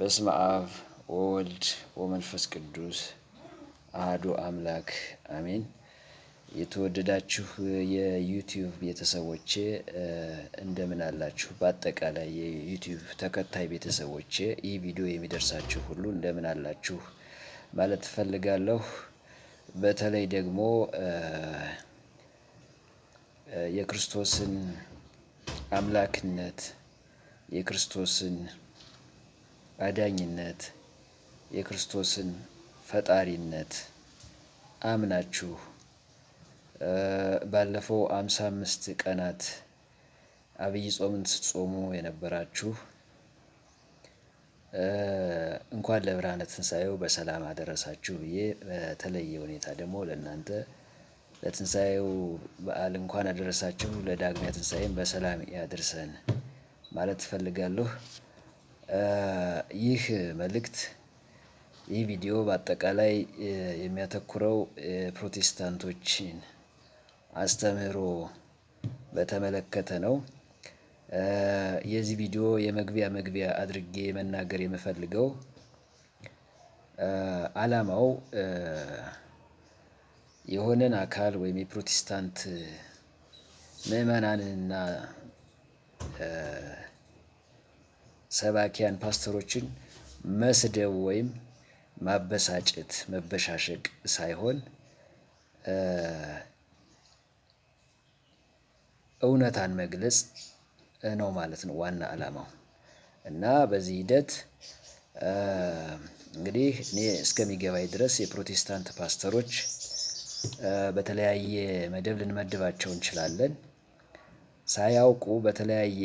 በስመ አብ ወወልድ ወመንፈስ ቅዱስ አህዱ አምላክ አሜን። የተወደዳችሁ የዩቲዩብ ቤተሰቦቼ እንደምን አላችሁ? በአጠቃላይ የዩቲዩብ ተከታይ ቤተሰቦቼ ይህ ቪዲዮ የሚደርሳችሁ ሁሉ እንደምን አላችሁ ማለት ትፈልጋለሁ በተለይ ደግሞ የክርስቶስን አምላክነት የክርስቶስን አዳኝነት የክርስቶስን ፈጣሪነት አምናችሁ ባለፈው አምሳ አምስት ቀናት አብይ ጾምን ስትጾሙ የነበራችሁ እንኳን ለብርሃነ ትንሣኤው በሰላም አደረሳችሁ ብዬ በተለየ ሁኔታ ደግሞ ለእናንተ ለትንሣኤው በዓል እንኳን አደረሳችሁ፣ ለዳግሚያ ትንሣኤም በሰላም ያድርሰን ማለት እፈልጋለሁ። ይህ መልእክት ይህ ቪዲዮ በአጠቃላይ የሚያተኩረው የፕሮቴስታንቶችን አስተምህሮ በተመለከተ ነው። የዚህ ቪዲዮ የመግቢያ መግቢያ አድርጌ መናገር የምፈልገው ዓላማው የሆነን አካል ወይም የፕሮቴስታንት ምዕመናንንና ሰባኪያን ፓስተሮችን መስደብ ወይም ማበሳጨት መበሻሸቅ ሳይሆን እውነታን መግለጽ ነው ማለት ነው ዋና አላማው። እና በዚህ ሂደት እንግዲህ እኔ እስከሚገባኝ ድረስ የፕሮቴስታንት ፓስተሮች በተለያየ መደብ ልንመድባቸው እንችላለን። ሳያውቁ በተለያየ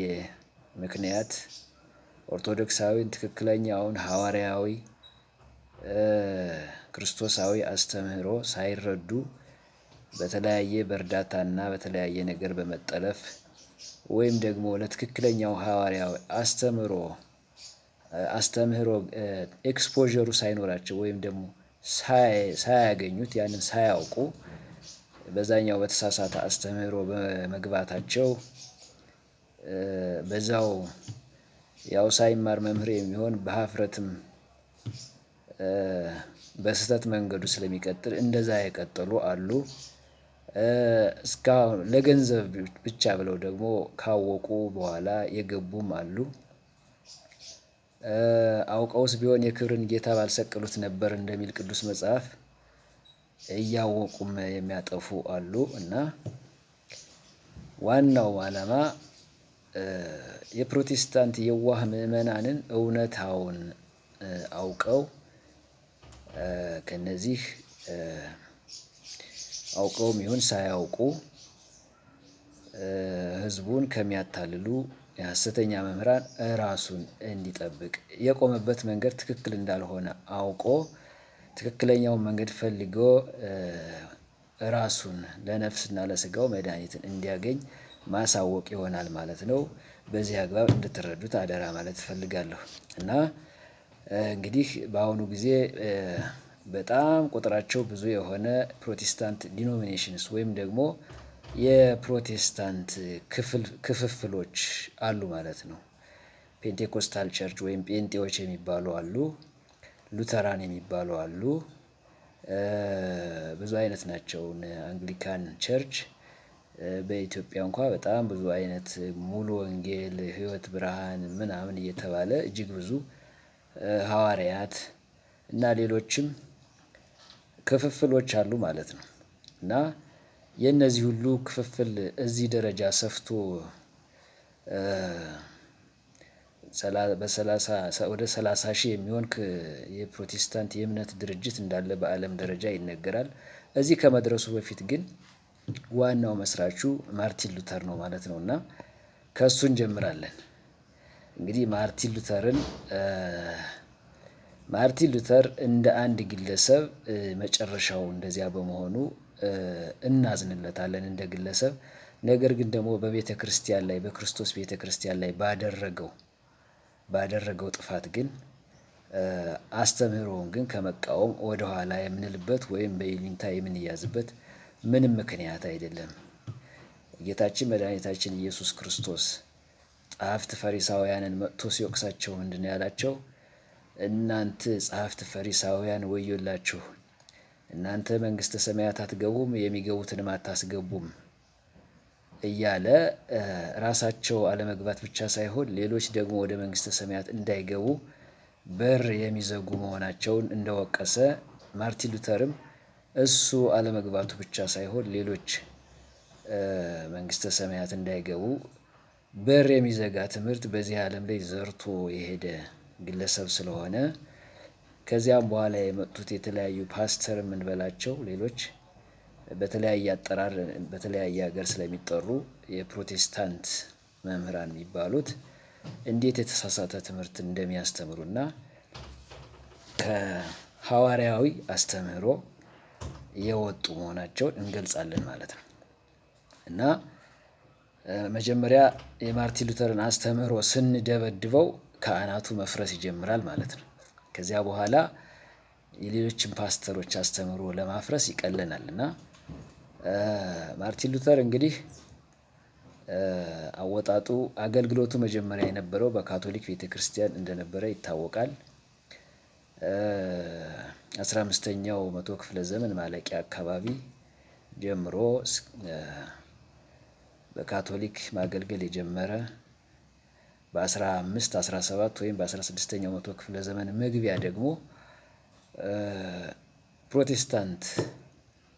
ምክንያት ኦርቶዶክሳዊን ትክክለኛውን ሐዋርያዊ ክርስቶሳዊ አስተምህሮ ሳይረዱ በተለያየ በእርዳታና በተለያየ ነገር በመጠለፍ ወይም ደግሞ ለትክክለኛው ሐዋርያዊ አስተምህሮ አስተምህሮ ኤክስፖዠሩ ሳይኖራቸው ወይም ደግሞ ሳያገኙት ያንን ሳያውቁ በዛኛው በተሳሳተ አስተምህሮ በመግባታቸው በዛው ያው ሳይማር መምህር የሚሆን በሀፍረትም በስህተት መንገዱ ስለሚቀጥል እንደዛ የቀጠሉ አሉ። እስካሁን ለገንዘብ ብቻ ብለው ደግሞ ካወቁ በኋላ የገቡም አሉ። አውቀውስ ቢሆን የክብርን ጌታ ባልሰቀሉት ነበር እንደሚል ቅዱስ መጽሐፍ እያወቁም የሚያጠፉ አሉ እና ዋናው ዓላማ የፕሮቴስታንት የዋህ ምዕመናንን እውነታውን አውቀው ከነዚህ አውቀውም ይሁን ሳያውቁ ህዝቡን ከሚያታልሉ የሐሰተኛ መምህራን ራሱን እንዲጠብቅ የቆመበት መንገድ ትክክል እንዳልሆነ አውቆ ትክክለኛውን መንገድ ፈልጎ ራሱን ለነፍስና ለስጋው መድኃኒትን እንዲያገኝ ማሳወቅ ይሆናል ማለት ነው። በዚህ አግባብ እንድትረዱት አደራ ማለት እፈልጋለሁ። እና እንግዲህ በአሁኑ ጊዜ በጣም ቁጥራቸው ብዙ የሆነ ፕሮቴስታንት ዲኖሚኔሽንስ ወይም ደግሞ የፕሮቴስታንት ክፍፍሎች አሉ ማለት ነው። ፔንቴኮስታል ቸርች ወይም ጴንጤዎች የሚባሉ አሉ፣ ሉተራን የሚባሉ አሉ። ብዙ አይነት ናቸው። አንግሊካን ቸርች በኢትዮጵያ እንኳ በጣም ብዙ አይነት ሙሉ ወንጌል ህይወት ብርሃን ምናምን እየተባለ እጅግ ብዙ ሐዋርያት እና ሌሎችም ክፍፍሎች አሉ ማለት ነው። እና የነዚህ ሁሉ ክፍፍል እዚህ ደረጃ ሰፍቶ ወደ ሰላሳ ሺህ የሚሆን የፕሮቴስታንት የእምነት ድርጅት እንዳለ በአለም ደረጃ ይነገራል። እዚህ ከመድረሱ በፊት ግን ዋናው መስራቹ ማርቲን ሉተር ነው ማለት ነው። እና ከእሱ እንጀምራለን። እንግዲህ ማርቲን ሉተርን ማርቲን ሉተር እንደ አንድ ግለሰብ መጨረሻው እንደዚያ በመሆኑ እናዝንለታለን እንደ ግለሰብ። ነገር ግን ደግሞ በቤተ ክርስቲያን ላይ በክርስቶስ ቤተ ክርስቲያን ላይ ባደረገው ባደረገው ጥፋት ግን አስተምህሮውን ግን ከመቃወም ወደኋላ የምንልበት ወይም በይሉኝታ የምንያዝበት ምንም ምክንያት አይደለም። ጌታችን መድኃኒታችን ኢየሱስ ክርስቶስ ጸሐፍት ፈሪሳውያንን መጥቶ ሲወቅሳቸው ምንድን ነው ያላቸው? እናንተ ጸሐፍት ፈሪሳውያን ወዮላችሁ፣ እናንተ መንግስተ ሰማያት አትገቡም፣ የሚገቡትንም አታስገቡም እያለ ራሳቸው አለመግባት ብቻ ሳይሆን ሌሎች ደግሞ ወደ መንግስተ ሰማያት እንዳይገቡ በር የሚዘጉ መሆናቸውን እንደወቀሰ ማርቲን ሉተርም እሱ አለመግባቱ ብቻ ሳይሆን ሌሎች መንግስተ ሰማያት እንዳይገቡ በር የሚዘጋ ትምህርት በዚህ ዓለም ላይ ዘርቶ የሄደ ግለሰብ ስለሆነ ከዚያም በኋላ የመጡት የተለያዩ ፓስተር የምንበላቸው ሌሎች በተለያየ አጠራር በተለያየ ሀገር ስለሚጠሩ የፕሮቴስታንት መምህራን የሚባሉት እንዴት የተሳሳተ ትምህርት እንደሚያስተምሩና ከሐዋርያዊ አስተምህሮ የወጡ መሆናቸውን እንገልጻለን ማለት ነው። እና መጀመሪያ የማርቲን ሉተርን አስተምህሮ ስንደበድበው ከአናቱ መፍረስ ይጀምራል ማለት ነው። ከዚያ በኋላ የሌሎችን ፓስተሮች አስተምህሮ ለማፍረስ ይቀለናል። እና ማርቲን ሉተር እንግዲህ አወጣጡ አገልግሎቱ መጀመሪያ የነበረው በካቶሊክ ቤተክርስቲያን እንደነበረ ይታወቃል አስራ አምስተኛው መቶ ክፍለ ዘመን ማለቂያ አካባቢ ጀምሮ በካቶሊክ ማገልገል የጀመረ በ15 17 ወይም በ16ኛው መቶ ክፍለ ዘመን መግቢያ ደግሞ ፕሮቴስታንት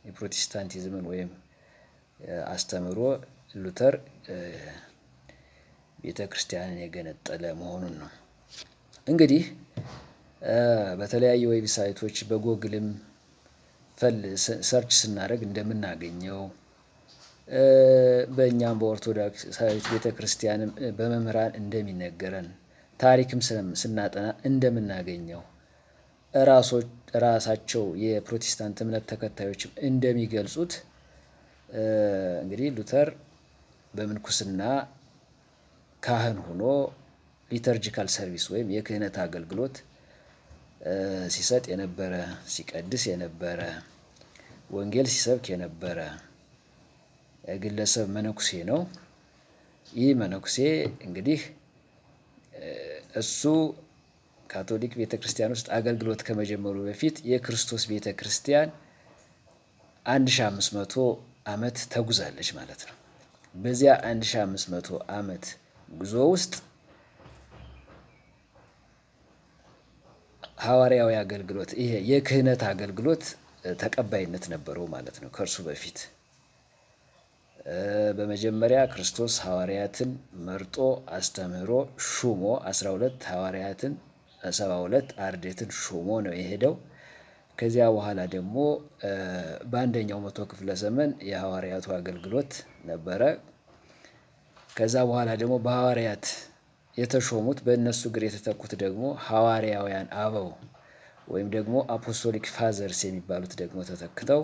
የፕሮቴስታንቲዝምን ወይም አስተምሮ ሉተር ቤተ ክርስቲያንን የገነጠለ መሆኑን ነው እንግዲህ በተለያዩ ዌብሳይቶች በጎግልም ሰርች ስናደርግ እንደምናገኘው በእኛም በኦርቶዶክሳዊት ቤተክርስቲያንም በመምህራን እንደሚነገረን ታሪክም ስናጠና እንደምናገኘው ራሳቸው የፕሮቴስታንት እምነት ተከታዮችም እንደሚገልጹት እንግዲህ ሉተር በምንኩስና ካህን ሆኖ ሊተርጂካል ሰርቪስ ወይም የክህነት አገልግሎት ሲሰጥ የነበረ ሲቀድስ የነበረ ወንጌል ሲሰብክ የነበረ ግለሰብ መነኩሴ ነው። ይህ መነኩሴ እንግዲህ እሱ ካቶሊክ ቤተ ክርስቲያን ውስጥ አገልግሎት ከመጀመሩ በፊት የክርስቶስ ቤተ ክርስቲያን 1500 ዓመት ተጉዛለች ማለት ነው። በዚያ 1500 ዓመት ጉዞ ውስጥ ሐዋርያዊ አገልግሎት ይሄ የክህነት አገልግሎት ተቀባይነት ነበረው ማለት ነው። ከእርሱ በፊት በመጀመሪያ ክርስቶስ ሐዋርያትን መርጦ አስተምህሮ ሹሞ 12 ሐዋርያትን 72 አርዴትን ሹሞ ነው የሄደው። ከዚያ በኋላ ደግሞ በአንደኛው መቶ ክፍለ ዘመን የሐዋርያቱ አገልግሎት ነበረ። ከዛ በኋላ ደግሞ በሐዋርያት የተሾሙት በእነሱ እግር የተተኩት ደግሞ ሐዋርያውያን አበው ወይም ደግሞ አፖስቶሊክ ፋዘርስ የሚባሉት ደግሞ ተተክተው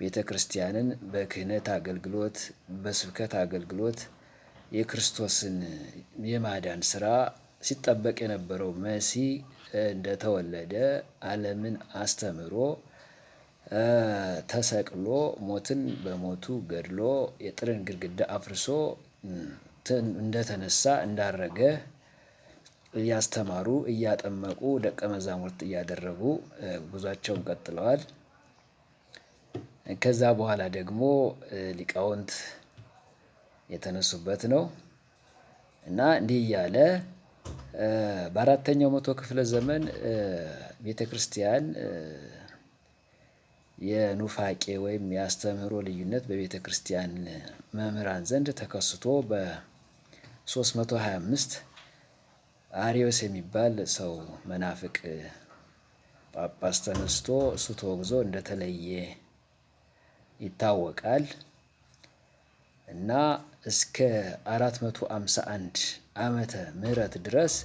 ቤተ ክርስቲያንን በክህነት አገልግሎት፣ በስብከት አገልግሎት የክርስቶስን የማዳን ስራ ሲጠበቅ የነበረው መሲህ እንደተወለደ ዓለምን አስተምሮ ተሰቅሎ ሞትን በሞቱ ገድሎ የጥርን ግድግዳ አፍርሶ እንደተነሳ እንዳረገ እያስተማሩ እያጠመቁ ደቀ መዛሙርት እያደረጉ ጉዟቸውን ቀጥለዋል። ከዛ በኋላ ደግሞ ሊቃውንት የተነሱበት ነው እና እንዲህ እያለ በአራተኛው መቶ ክፍለ ዘመን ቤተ ክርስቲያን የኑፋቄ ወይም የአስተምህሮ ልዩነት በቤተ ክርስቲያን መምህራን ዘንድ ተከስቶ በ 325 አሪዮስ የሚባል ሰው መናፍቅ ጳጳስ ተነስቶ እሱ ተወግዞ እንደተለየ ይታወቃል እና እስከ 451 ዓመተ ምህረት ድረስ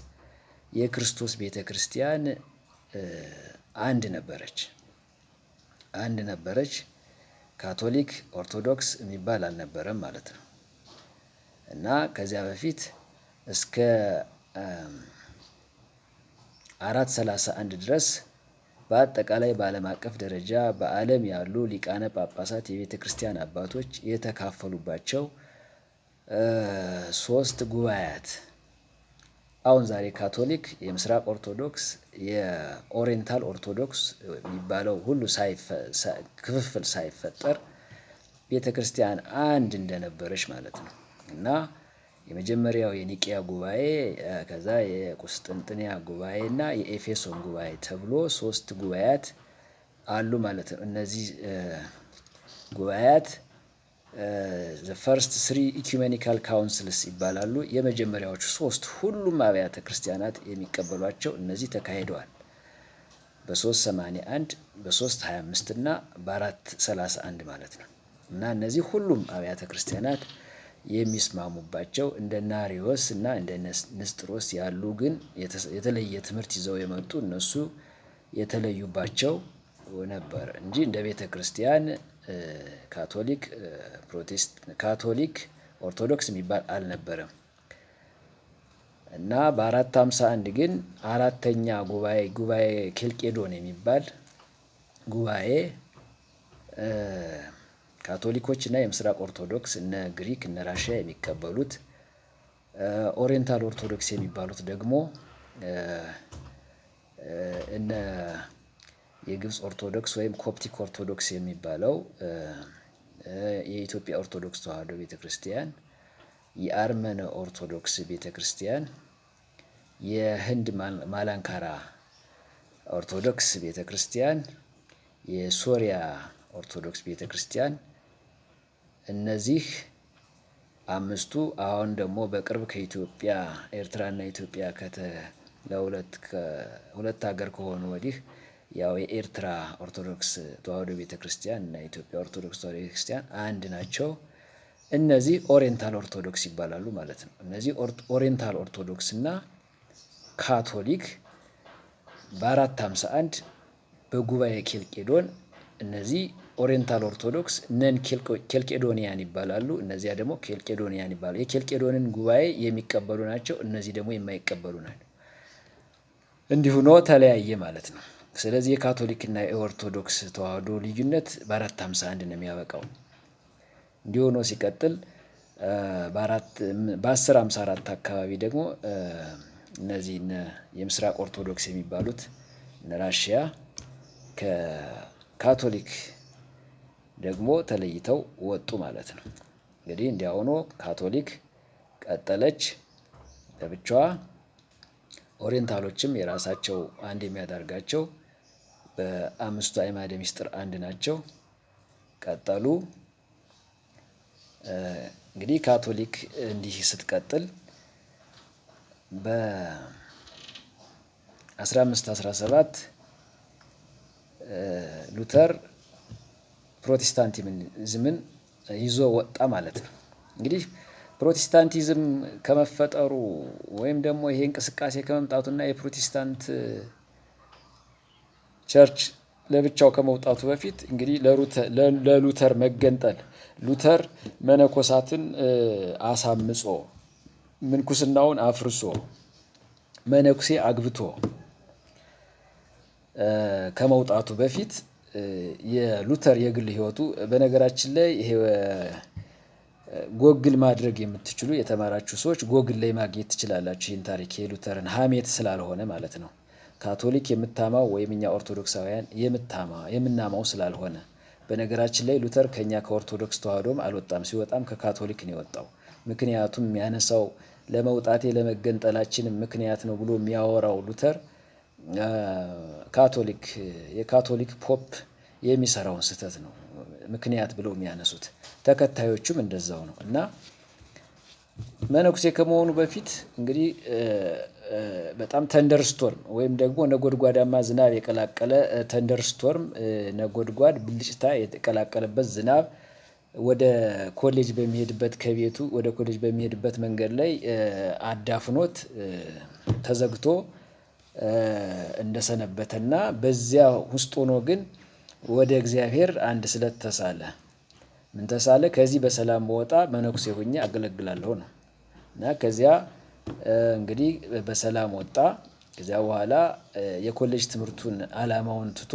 የክርስቶስ ቤተ ክርስቲያን አንድ ነበረች አንድ ነበረች። ካቶሊክ ኦርቶዶክስ የሚባል አልነበረም ማለት ነው። እና ከዚያ በፊት እስከ አራት ሰላሳ አንድ ድረስ በአጠቃላይ በዓለም አቀፍ ደረጃ በዓለም ያሉ ሊቃነ ጳጳሳት የቤተ ክርስቲያን አባቶች የተካፈሉባቸው ሶስት ጉባኤያት አሁን ዛሬ ካቶሊክ፣ የምስራቅ ኦርቶዶክስ፣ የኦሪየንታል ኦርቶዶክስ የሚባለው ሁሉ ክፍፍል ሳይፈጠር ቤተ ክርስቲያን አንድ እንደነበረች ማለት ነው። እና የመጀመሪያው የኒቅያ ጉባኤ ከዛ የቁስጥንጥንያ ጉባኤ እና የኤፌሶን ጉባኤ ተብሎ ሶስት ጉባኤያት አሉ ማለት ነው። እነዚህ ጉባኤያት ዘ ፈርስት ስሪ ኢኩሜኒካል ካውንስልስ ይባላሉ። የመጀመሪያዎቹ ሶስት ሁሉም አብያተ ክርስቲያናት የሚቀበሏቸው እነዚህ ተካሂደዋል። በሶስት ሰማንያ አንድ በሶስት ሀያ አምስት እና በአራት ሰላሳ አንድ ማለት ነው እና እነዚህ ሁሉም አብያተ ክርስቲያናት የሚስማሙባቸው እንደ ናሪዎስ እና እንደ ንስጥሮስ ያሉ ግን የተለየ ትምህርት ይዘው የመጡ እነሱ የተለዩባቸው ነበር እንጂ እንደ ቤተ ክርስቲያን ካቶሊክ ካቶሊክ ኦርቶዶክስ የሚባል አልነበረም። እና በአራት ሀምሳ አንድ ግን አራተኛ ጉባኤ ጉባኤ ኬልቄዶን የሚባል ጉባኤ ካቶሊኮች እና የምስራቅ ኦርቶዶክስ እነ ግሪክ እነ ራሽያ የሚቀበሉት ኦሪየንታል ኦርቶዶክስ የሚባሉት ደግሞ እነ የግብፅ ኦርቶዶክስ ወይም ኮፕቲክ ኦርቶዶክስ የሚባለው የኢትዮጵያ ኦርቶዶክስ ተዋህዶ ቤተክርስቲያን፣ የአርመን ኦርቶዶክስ ቤተክርስቲያን፣ የህንድ ማላንካራ ኦርቶዶክስ ቤተክርስቲያን፣ የሶሪያ ኦርቶዶክስ ቤተክርስቲያን እነዚህ አምስቱ አሁን ደግሞ በቅርብ ከኢትዮጵያ ኤርትራና ኢትዮጵያ ከተ ለሁለት ሁለት ሀገር ከሆኑ ወዲህ ያው የኤርትራ ኦርቶዶክስ ተዋህዶ ቤተ ክርስቲያን እና የኢትዮጵያ ኦርቶዶክስ ተዋህዶ ቤተ ክርስቲያን አንድ ናቸው። እነዚህ ኦሪየንታል ኦርቶዶክስ ይባላሉ ማለት ነው። እነዚህ ኦሪየንታል ኦርቶዶክስ እና ካቶሊክ በአራት ሃምሳ አንድ በጉባኤ ኬልቄዶን እነዚህ ኦሪየንታል ኦርቶዶክስ ነን ኬልቄዶኒያን ይባላሉ። እነዚያ ደግሞ ኬልቄዶኒያን ይባላሉ። የኬልቄዶንን ጉባኤ የሚቀበሉ ናቸው። እነዚህ ደግሞ የማይቀበሉ ናቸው። እንዲሁ ነው፣ ተለያየ ማለት ነው። ስለዚህ የካቶሊክና የኦርቶዶክስ ተዋህዶ ልዩነት በአራት ሀምሳ አንድ ነው የሚያበቃው። እንዲሁ ነው ሲቀጥል በአስር ሀምሳ አራት አካባቢ ደግሞ እነዚህ የምስራቅ ኦርቶዶክስ የሚባሉት ራሽያ ከካቶሊክ ደግሞ ተለይተው ወጡ ማለት ነው። እንግዲህ እንዲያ ሆኖ ካቶሊክ ቀጠለች ለብቻዋ። ኦሪየንታሎችም የራሳቸው አንድ የሚያደርጋቸው በአምስቱ አዕማደ ምስጢር አንድ ናቸው። ቀጠሉ። እንግዲህ ካቶሊክ እንዲህ ስትቀጥል በ1517 ሉተር ፕሮቴስታንቲዝምን ይዞ ወጣ ማለት ነው። እንግዲህ ፕሮቴስታንቲዝም ከመፈጠሩ ወይም ደግሞ ይሄ እንቅስቃሴ ከመምጣቱና የፕሮቴስታንት ቸርች ለብቻው ከመውጣቱ በፊት እንግዲህ ለሉተር መገንጠል ሉተር መነኮሳትን አሳምጾ ምንኩስናውን አፍርሶ መነኩሴ አግብቶ ከመውጣቱ በፊት የሉተር የግል ህይወቱ በነገራችን ላይ ይሄ ጎግል ማድረግ የምትችሉ የተማራችሁ ሰዎች ጎግል ላይ ማግኘት ትችላላችሁ። ይህን ታሪክ የሉተርን ሀሜት ስላልሆነ ማለት ነው። ካቶሊክ የምታማው ወይም እኛ ኦርቶዶክሳውያን የምታማ የምናማው ስላልሆነ በነገራችን ላይ ሉተር ከኛ ከኦርቶዶክስ ተዋህዶም አልወጣም። ሲወጣም ከካቶሊክ ነው የወጣው። ምክንያቱም የሚያነሳው ለመውጣቴ ለመገንጠላችን ምክንያት ነው ብሎ የሚያወራው ሉተር ካቶሊክ የካቶሊክ ፖፕ የሚሰራውን ስህተት ነው ምክንያት ብለው የሚያነሱት። ተከታዮቹም እንደዛው ነው እና መነኩሴ ከመሆኑ በፊት እንግዲህ በጣም ተንደርስቶርም ወይም ደግሞ ነጎድጓዳማ ዝናብ የቀላቀለ ተንደርስቶርም፣ ነጎድጓድ፣ ብልጭታ የተቀላቀለበት ዝናብ ወደ ኮሌጅ በሚሄድበት ከቤቱ ወደ ኮሌጅ በሚሄድበት መንገድ ላይ አዳፍኖት ተዘግቶ እንደሰነበተና በዚያ ውስጥ ሆኖ ግን ወደ እግዚአብሔር አንድ ስለት ተሳለ። ምን ተሳለ? ከዚህ በሰላም በወጣ መነኩሴ ሆኜ አገለግላለሁ ነው። እና ከዚያ እንግዲህ በሰላም ወጣ። ከዚያ በኋላ የኮሌጅ ትምህርቱን አላማውን ትቶ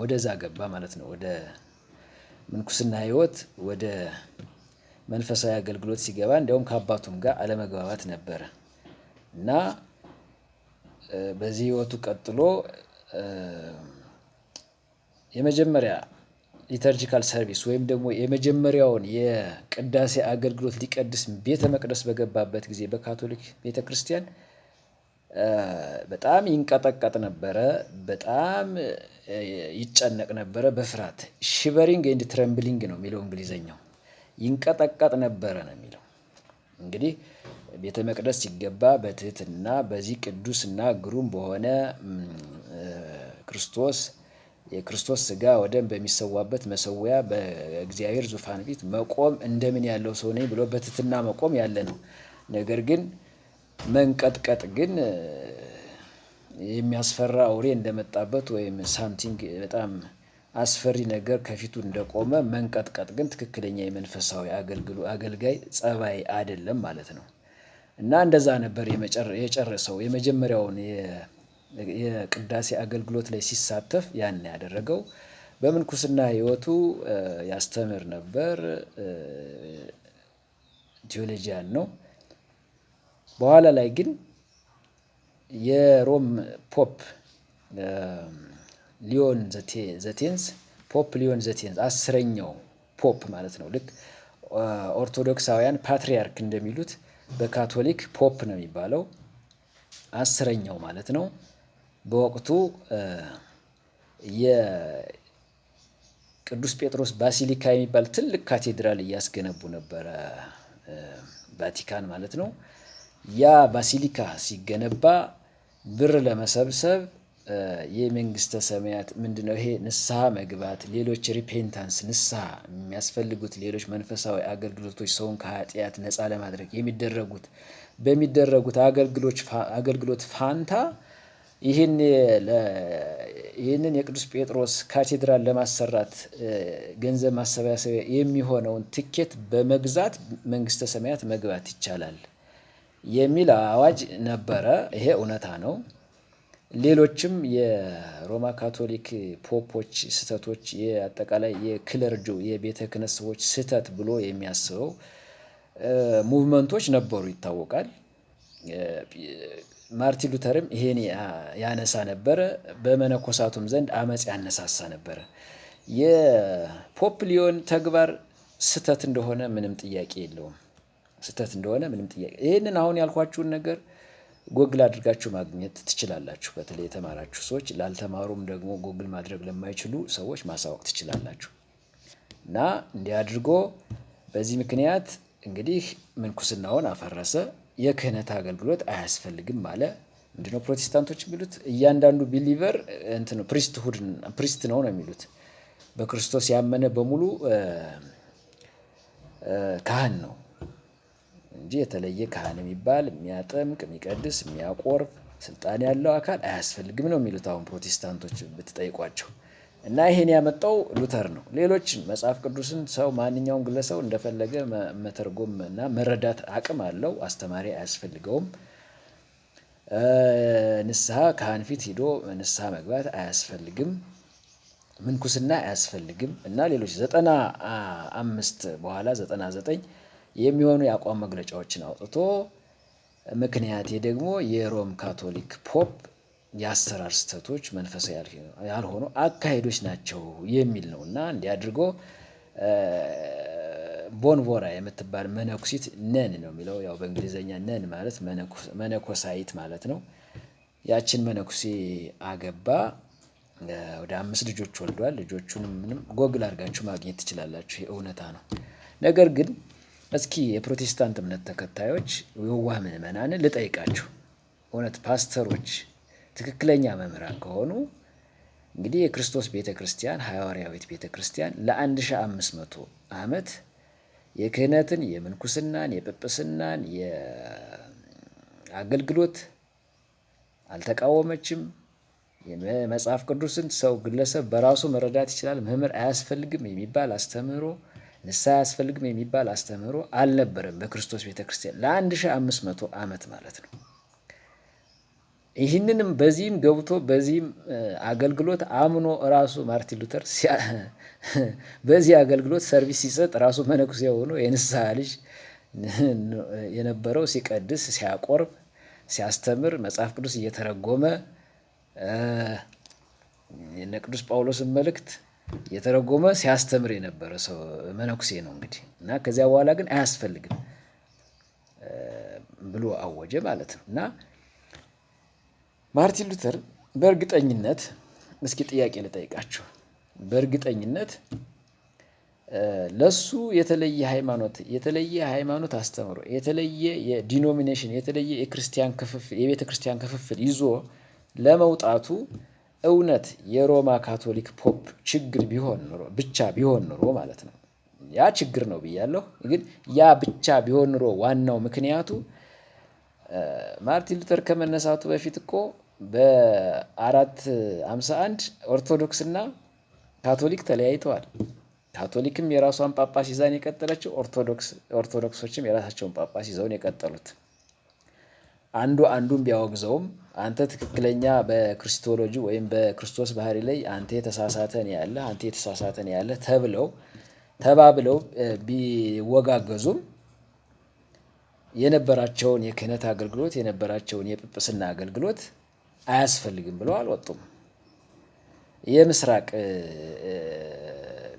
ወደዛ ገባ ማለት ነው። ወደ ምንኩስና ህይወት ወደ መንፈሳዊ አገልግሎት ሲገባ እንዲያውም ከአባቱም ጋር አለመግባባት ነበረ እና በዚህ ህይወቱ ቀጥሎ የመጀመሪያ ሊተርጂካል ሰርቪስ ወይም ደግሞ የመጀመሪያውን የቅዳሴ አገልግሎት ሊቀድስ ቤተ መቅደስ በገባበት ጊዜ በካቶሊክ ቤተ ክርስቲያን በጣም ይንቀጠቀጥ ነበረ። በጣም ይጨነቅ ነበረ በፍርሃት ሽቨሪንግ ኤንድ ትረምብሊንግ ነው የሚለው እንግሊዘኛው። ይንቀጠቀጥ ነበረ ነው የሚለው እንግዲህ ቤተ መቅደስ ሲገባ በትህትና በዚህ ቅዱስና ግሩም በሆነ ክርስቶስ የክርስቶስ ስጋ ወደም በሚሰዋበት መሰዊያ በእግዚአብሔር ዙፋን ፊት መቆም እንደምን ያለው ሰው ነኝ ብሎ በትህትና መቆም ያለ ነው። ነገር ግን መንቀጥቀጥ ግን የሚያስፈራ አውሬ እንደመጣበት ወይም ሳምቲንግ በጣም አስፈሪ ነገር ከፊቱ እንደቆመ መንቀጥቀጥ ግን ትክክለኛ የመንፈሳዊ አገልግሎ አገልጋይ ጸባይ አይደለም ማለት ነው። እና እንደዛ ነበር የጨረሰው የመጀመሪያውን የቅዳሴ አገልግሎት ላይ ሲሳተፍ ያን ያደረገው በምንኩስና ህይወቱ ያስተምር ነበር። ቴዎሎጂያን ነው። በኋላ ላይ ግን የሮም ፖፕ ሊዮን ዘቴንስ ፖፕ ሊዮን ዘቴንስ አስረኛው ፖፕ ማለት ነው ልክ ኦርቶዶክሳውያን ፓትሪያርክ እንደሚሉት በካቶሊክ ፖፕ ነው የሚባለው። አስረኛው ማለት ነው። በወቅቱ የቅዱስ ጴጥሮስ ባሲሊካ የሚባል ትልቅ ካቴድራል እያስገነቡ ነበረ፣ ቫቲካን ማለት ነው። ያ ባሲሊካ ሲገነባ ብር ለመሰብሰብ የመንግስተ ሰማያት ምንድነው? ይሄ ንስሐ መግባት ሌሎች ሪፔንታንስ ንስሐ የሚያስፈልጉት ሌሎች መንፈሳዊ አገልግሎቶች ሰውን ከኃጢአት ነፃ ለማድረግ የሚደረጉት በሚደረጉት አገልግሎት ፋንታ ይህንን የቅዱስ ጴጥሮስ ካቴድራል ለማሰራት ገንዘብ ማሰባሰቢያ የሚሆነውን ትኬት በመግዛት መንግስተ ሰማያት መግባት ይቻላል የሚል አዋጅ ነበረ። ይሄ እውነታ ነው። ሌሎችም የሮማ ካቶሊክ ፖፖች ስህተቶች አጠቃላይ የክለርጆ የቤተ ክህነት ሰዎች ስህተት ብሎ የሚያስበው ሙቭመንቶች ነበሩ ይታወቃል። ማርቲን ሉተርም ይሄን ያነሳ ነበረ። በመነኮሳቱም ዘንድ አመፅ ያነሳሳ ነበረ። የፖፕ ሊዮን ተግባር ስህተት እንደሆነ ምንም ጥያቄ የለውም። ስህተት እንደሆነ ምንም ጥያቄ ይህንን አሁን ያልኳችሁን ነገር ጎግል አድርጋችሁ ማግኘት ትችላላችሁ። በተለይ የተማራችሁ ሰዎች፣ ላልተማሩም ደግሞ ጎግል ማድረግ ለማይችሉ ሰዎች ማሳወቅ ትችላላችሁ። እና እንዲህ አድርጎ በዚህ ምክንያት እንግዲህ ምንኩስናውን አፈረሰ። የክህነት አገልግሎት አያስፈልግም አለ። ምንድነው ፕሮቴስታንቶች የሚሉት? እያንዳንዱ ቢሊቨር ፕሪስትሁድ ፕሪስት ነው ነው የሚሉት። በክርስቶስ ያመነ በሙሉ ካህን ነው። እንጂ የተለየ ካህን የሚባል የሚያጠምቅ፣ የሚቀድስ፣ የሚያቆርብ ስልጣን ያለው አካል አያስፈልግም ነው የሚሉት አሁን ፕሮቴስታንቶች ብትጠይቋቸው። እና ይሄን ያመጣው ሉተር ነው። ሌሎችን መጽሐፍ ቅዱስን ሰው ማንኛውም ግለሰብ እንደፈለገ መተርጎም እና መረዳት አቅም አለው። አስተማሪ አያስፈልገውም። ንስሐ ካህን ፊት ሂዶ ንስሐ መግባት አያስፈልግም። ምንኩስና አያስፈልግም እና ሌሎች ዘጠና አምስት በኋላ ዘጠና ዘጠኝ የሚሆኑ የአቋም መግለጫዎችን አውጥቶ ምክንያቴ ደግሞ የሮም ካቶሊክ ፖፕ የአሰራር ስህተቶች መንፈሳዊ ያልሆኑ አካሄዶች ናቸው የሚል ነው እና እንዲህ አድርጎ ቦንቮራ የምትባል መነኩሲት ነን ነው የሚለው። ያው በእንግሊዝኛ ነን ማለት መነኮሳይት ማለት ነው። ያችን መነኩሴ አገባ። ወደ አምስት ልጆች ወልዷል። ልጆቹንም ምንም ጎግል አድርጋችሁ ማግኘት ትችላላችሁ። እውነታ ነው ነገር ግን እስኪ የፕሮቴስታንት እምነት ተከታዮች የዋህ ምዕመናንን ልጠይቃችሁ። እውነት ፓስተሮች ትክክለኛ መምህራን ከሆኑ እንግዲህ የክርስቶስ ቤተ ክርስቲያን ሐዋርያዊት ቤተ ክርስቲያን ለ1500 ዓመት የክህነትን፣ የምንኩስናን፣ የጵጵስናን የአገልግሎት አልተቃወመችም። መጽሐፍ ቅዱስን ሰው ግለሰብ በራሱ መረዳት ይችላል፣ መምህር አያስፈልግም የሚባል አስተምህሮ ንስሐ አያስፈልግም የሚባል አስተምህሮ አልነበረም በክርስቶስ ቤተክርስቲያን ለ1500 ዓመት ማለት ነው። ይህንንም በዚህም ገብቶ በዚህም አገልግሎት አምኖ ራሱ ማርቲን ሉተር በዚህ አገልግሎት ሰርቪስ ሲሰጥ ራሱ መነኩሴ ሆኖ የንስሐ ልጅ የነበረው ሲቀድስ፣ ሲያቆርብ፣ ሲያስተምር መጽሐፍ ቅዱስ እየተረጎመ የነ ቅዱስ ጳውሎስን መልእክት የተረጎመ ሲያስተምር የነበረ ሰው መነኩሴ ነው እንግዲህ እና ከዚያ በኋላ ግን አያስፈልግም ብሎ አወጀ ማለት ነው። እና ማርቲን ሉተር በእርግጠኝነት እስኪ ጥያቄ ልጠይቃቸው፣ በእርግጠኝነት ለሱ የተለየ ሃይማኖት፣ የተለየ ሃይማኖት አስተምሮ፣ የተለየ የዲኖሚኔሽን፣ የተለየ የክርስቲያን ክፍፍል የቤተ ክርስቲያን ክፍፍል ይዞ ለመውጣቱ እውነት የሮማ ካቶሊክ ፖፕ ችግር ቢሆን ኑሮ ብቻ ቢሆን ኑሮ ማለት ነው ያ ችግር ነው ብያለሁ። ግን ያ ብቻ ቢሆን ኑሮ ዋናው ምክንያቱ ማርቲን ሉተር ከመነሳቱ በፊት እኮ በአራት ሃምሳ አንድ ኦርቶዶክስና ካቶሊክ ተለያይተዋል። ካቶሊክም የራሷን ጳጳስ ይዛን የቀጠለችው ኦርቶዶክሶችም የራሳቸውን ጳጳስ ይዘውን የቀጠሉት አንዱ አንዱን ቢያወግዘውም አንተ ትክክለኛ በክርስቶሎጂ ወይም በክርስቶስ ባህሪ ላይ አንተ የተሳሳተን ያለ አንተ የተሳሳተን ያለ ተብለው ተባብለው ቢወጋገዙም የነበራቸውን የክህነት አገልግሎት የነበራቸውን የጵጵስና አገልግሎት አያስፈልግም ብለው አልወጡም። የምስራቅ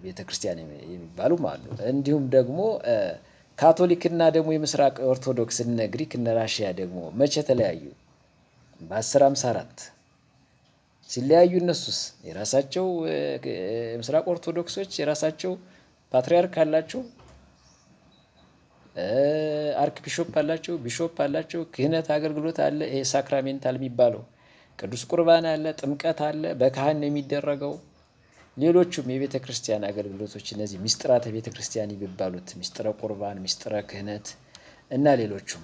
ቤተክርስቲያን የሚባሉም አሉ። እንዲሁም ደግሞ ካቶሊክና ደግሞ የምስራቅ ኦርቶዶክስ እነ ግሪክ እነ ራሽያ ደግሞ መቼ ተለያዩ? በ1054 ሲለያዩ እነሱስ የራሳቸው የምስራቅ ኦርቶዶክሶች የራሳቸው ፓትሪያርክ አላቸው፣ አርክ ቢሾፕ አላቸው፣ ቢሾፕ አላቸው፣ ክህነት አገልግሎት አለ። ይሄ ሳክራሜንታል የሚባለው ቅዱስ ቁርባን አለ፣ ጥምቀት አለ፣ በካህን ነው የሚደረገው። ሌሎቹም የቤተ ክርስቲያን አገልግሎቶች እነዚህ ሚስጥራተ ቤተ ክርስቲያን የሚባሉት ሚስጥረ ቁርባን፣ ሚስጥረ ክህነት እና ሌሎቹም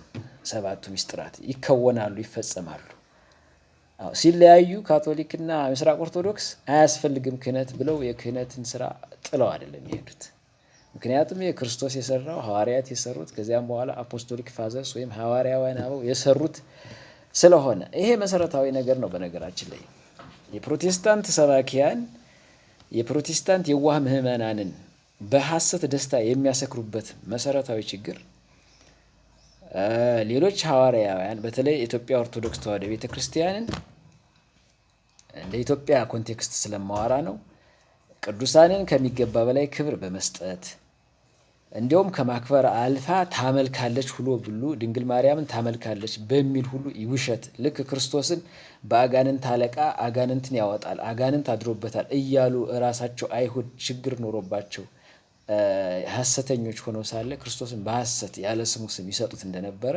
ሰባቱ ሚስጥራት ይከወናሉ፣ ይፈጸማሉ። ሲለያዩ ካቶሊክና ምስራቅ ኦርቶዶክስ አያስፈልግም ክህነት ብለው የክህነትን ስራ ጥለው አይደለም የሄዱት። ምክንያቱም የክርስቶስ የሰራው ሐዋርያት የሰሩት ከዚያም በኋላ አፖስቶሊክ ፋዘርስ ወይም ሐዋርያውያን አበው የሰሩት ስለሆነ ይሄ መሰረታዊ ነገር ነው። በነገራችን ላይ የፕሮቴስታንት ሰባኪያን የፕሮቴስታንት የዋህ ምዕመናንን በሐሰት ደስታ የሚያሰክሩበት መሰረታዊ ችግር ሌሎች ሐዋርያውያን በተለይ የኢትዮጵያ ኦርቶዶክስ ተዋሕዶ ቤተ ክርስቲያንን እንደ ኢትዮጵያ ኮንቴክስት ስለማዋራ ነው። ቅዱሳንን ከሚገባ በላይ ክብር በመስጠት እንዲያውም ከማክበር አልፋ ታመልካለች ሁሎ ብሉ ድንግል ማርያምን ታመልካለች በሚል ሁሉ ውሸት ልክ ክርስቶስን በአጋንንት አለቃ አጋንንትን ያወጣል አጋንንት አድሮበታል እያሉ እራሳቸው አይሁድ ችግር ኖሮባቸው ሐሰተኞች ሆነው ሳለ ክርስቶስን በሐሰት ያለ ስሙ ስም ይሰጡት እንደነበረ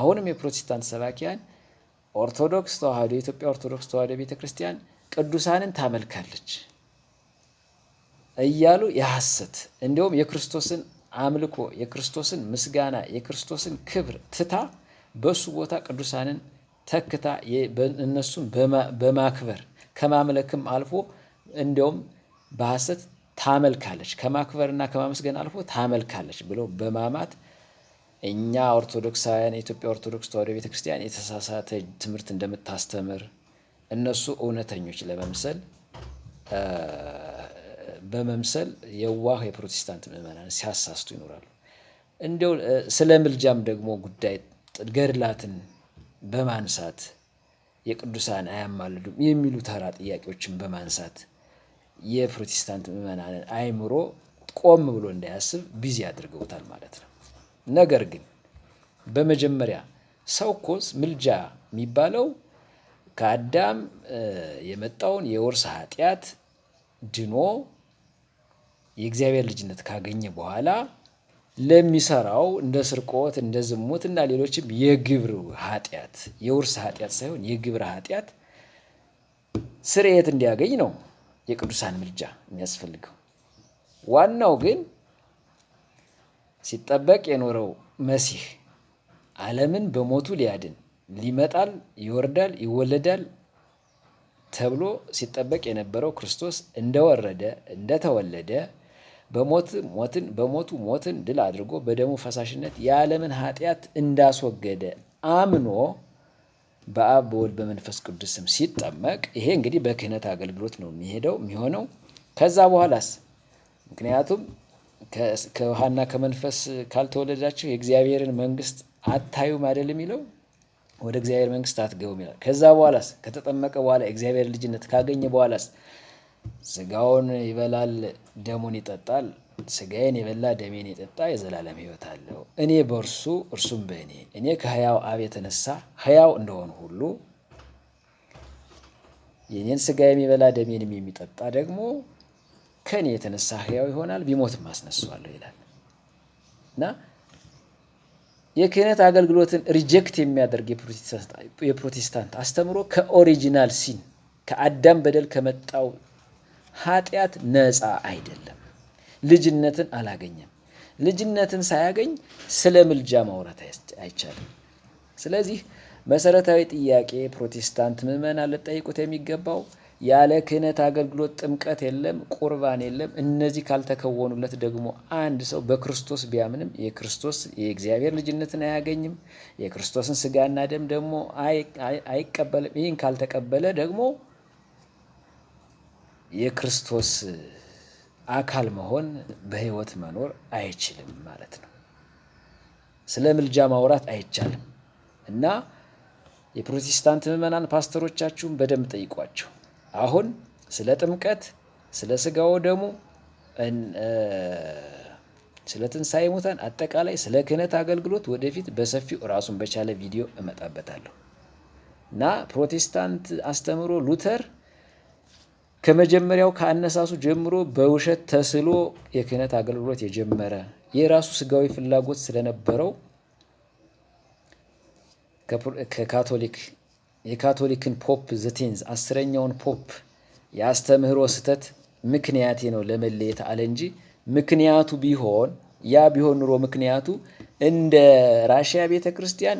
አሁንም የፕሮቴስታንት ሰባኪያን ኦርቶዶክስ ተዋህዶ የኢትዮጵያ ኦርቶዶክስ ተዋህዶ ቤተክርስቲያን ቅዱሳንን ታመልካለች እያሉ የሐሰት እንዲሁም የክርስቶስን አምልኮ የክርስቶስን ምስጋና የክርስቶስን ክብር ትታ በእሱ ቦታ ቅዱሳንን ተክታ እነሱን በማክበር ከማምለክም አልፎ እንዲሁም በሐሰት ታመልካለች ከማክበርና ከማመስገን አልፎ ታመልካለች ብለው በማማት እኛ ኦርቶዶክሳውያን የኢትዮጵያ ኦርቶዶክስ ተዋሕዶ ቤተክርስቲያን የተሳሳተ ትምህርት እንደምታስተምር እነሱ እውነተኞች ለመምሰል በመምሰል የዋህ የፕሮቴስታንት ምዕመናን ሲያሳስቱ ይኖራሉ። እንዲው ስለ ምልጃም ደግሞ ጉዳይ ገድላትን በማንሳት የቅዱሳን አያማልዱም የሚሉ ተራ ጥያቄዎችን በማንሳት የፕሮቴስታንት ምዕመናንን አይምሮ ቆም ብሎ እንዳያስብ ቢዚ አድርገውታል ማለት ነው። ነገር ግን በመጀመሪያ ሰው ኮስ ምልጃ የሚባለው ከአዳም የመጣውን የውርስ ኃጢአት ድኖ የእግዚአብሔር ልጅነት ካገኘ በኋላ ለሚሰራው እንደ ስርቆት፣ እንደ ዝሙት እና ሌሎችም የግብር ኃጢአት የውርስ ኃጢአት ሳይሆን የግብር ኃጢአት ስርየት እንዲያገኝ ነው የቅዱሳን ምልጃ የሚያስፈልገው። ዋናው ግን ሲጠበቅ የኖረው መሲህ ዓለምን በሞቱ ሊያድን ሊመጣል፣ ይወርዳል፣ ይወለዳል ተብሎ ሲጠበቅ የነበረው ክርስቶስ እንደወረደ እንደተወለደ በሞት ሞትን በሞቱ ሞትን ድል አድርጎ በደሙ ፈሳሽነት የዓለምን ኃጢአት እንዳስወገደ አምኖ በአብ በወልድ በመንፈስ ቅዱስ ስም ሲጠመቅ፣ ይሄ እንግዲህ በክህነት አገልግሎት ነው የሚሄደው የሚሆነው። ከዛ በኋላስ ምክንያቱም ከውሃና ከመንፈስ ካልተወለዳችሁ የእግዚአብሔርን መንግስት አታዩም አይደል የሚለው ወደ እግዚአብሔር መንግስት አትገቡም ይላል። ከዛ በኋላስ ከተጠመቀ በኋላ የእግዚአብሔር ልጅነት ካገኘ በኋላስ ስጋውን ይበላል ደሙን ይጠጣል ስጋዬን የበላ ደሜን የጠጣ የዘላለም ሕይወት አለው፣ እኔ በእርሱ እርሱም በእኔ። እኔ ከሕያው አብ የተነሳ ሕያው እንደሆኑ ሁሉ የእኔን ስጋ የሚበላ ደሜንም የሚጠጣ ደግሞ ከእኔ የተነሳ ሕያው ይሆናል፣ ቢሞትም አስነሷለሁ ይላል እና የክህነት አገልግሎትን ሪጀክት የሚያደርግ የፕሮቴስታንት አስተምሮ ከኦሪጂናል ሲን ከአዳም በደል ከመጣው ኃጢአት ነፃ አይደለም። ልጅነትን አላገኘም። ልጅነትን ሳያገኝ ስለ ምልጃ ማውራት አይቻልም። ስለዚህ መሰረታዊ ጥያቄ ፕሮቴስታንት ምዕመናን ልጠይቁት የሚገባው ያለ ክህነት አገልግሎት ጥምቀት የለም፣ ቁርባን የለም። እነዚህ ካልተከወኑለት ደግሞ አንድ ሰው በክርስቶስ ቢያምንም የክርስቶስ የእግዚአብሔር ልጅነትን አያገኝም፣ የክርስቶስን ስጋና ደም ደግሞ አይቀበልም። ይህን ካልተቀበለ ደግሞ የክርስቶስ አካል መሆን በህይወት መኖር አይችልም ማለት ነው። ስለ ምልጃ ማውራት አይቻልም። እና የፕሮቴስታንት ምዕመናን ፓስተሮቻችሁን በደንብ ጠይቋቸው። አሁን ስለ ጥምቀት፣ ስለ ስጋው ደሙ፣ ስለ ትንሣኤ ሙታን፣ አጠቃላይ ስለ ክህነት አገልግሎት ወደፊት በሰፊው ራሱን በቻለ ቪዲዮ እመጣበታለሁ እና ፕሮቴስታንት አስተምሮ ሉተር ከመጀመሪያው ከአነሳሱ ጀምሮ በውሸት ተስሎ የክህነት አገልግሎት የጀመረ የራሱ ስጋዊ ፍላጎት ስለነበረው ከካቶሊክ የካቶሊክን ፖፕ ዘቴንዝ አስረኛውን ፖፕ የአስተምህሮ ስህተት ምክንያቴ ነው ለመለየት አለ እንጂ ምክንያቱ ቢሆን ያ ቢሆን ኑሮ ምክንያቱ እንደ ራሽያ ቤተ ክርስቲያን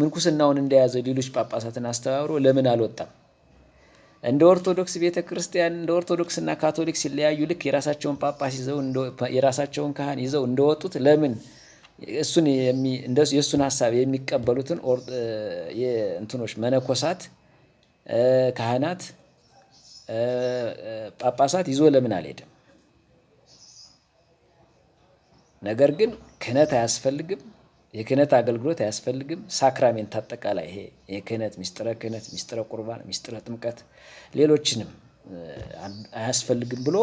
ምንኩስናውን እንደያዘ ሌሎች ጳጳሳትን አስተባብሮ ለምን አልወጣም? እንደ ኦርቶዶክስ ቤተ ክርስቲያን እንደ ኦርቶዶክስና ካቶሊክ ሲለያዩ ልክ የራሳቸውን ጳጳስ ይዘው የራሳቸውን ካህን ይዘው እንደወጡት ለምን እሱን የእሱን ሀሳብ የሚቀበሉትን እንትኖች መነኮሳት፣ ካህናት፣ ጳጳሳት ይዞ ለምን አልሄድም? ነገር ግን ክህነት አያስፈልግም። የክህነት አገልግሎት አያስፈልግም። ሳክራሜንት አጠቃላይ ይሄ የክህነት ሚስጥረ ክህነት፣ ሚስጥረ ቁርባን፣ ሚስጥረ ጥምቀት፣ ሌሎችንም አያስፈልግም ብሎ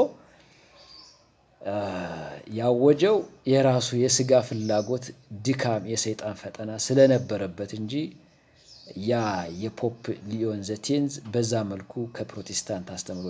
ያወጀው የራሱ የስጋ ፍላጎት ድካም፣ የሰይጣን ፈጠና ስለነበረበት እንጂ ያ የፖፕ ሊዮን ዘቴንዝ በዛ መልኩ ከፕሮቴስታንት አስተምሮ